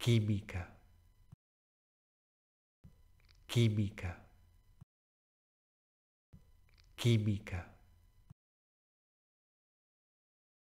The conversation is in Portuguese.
química, química, química.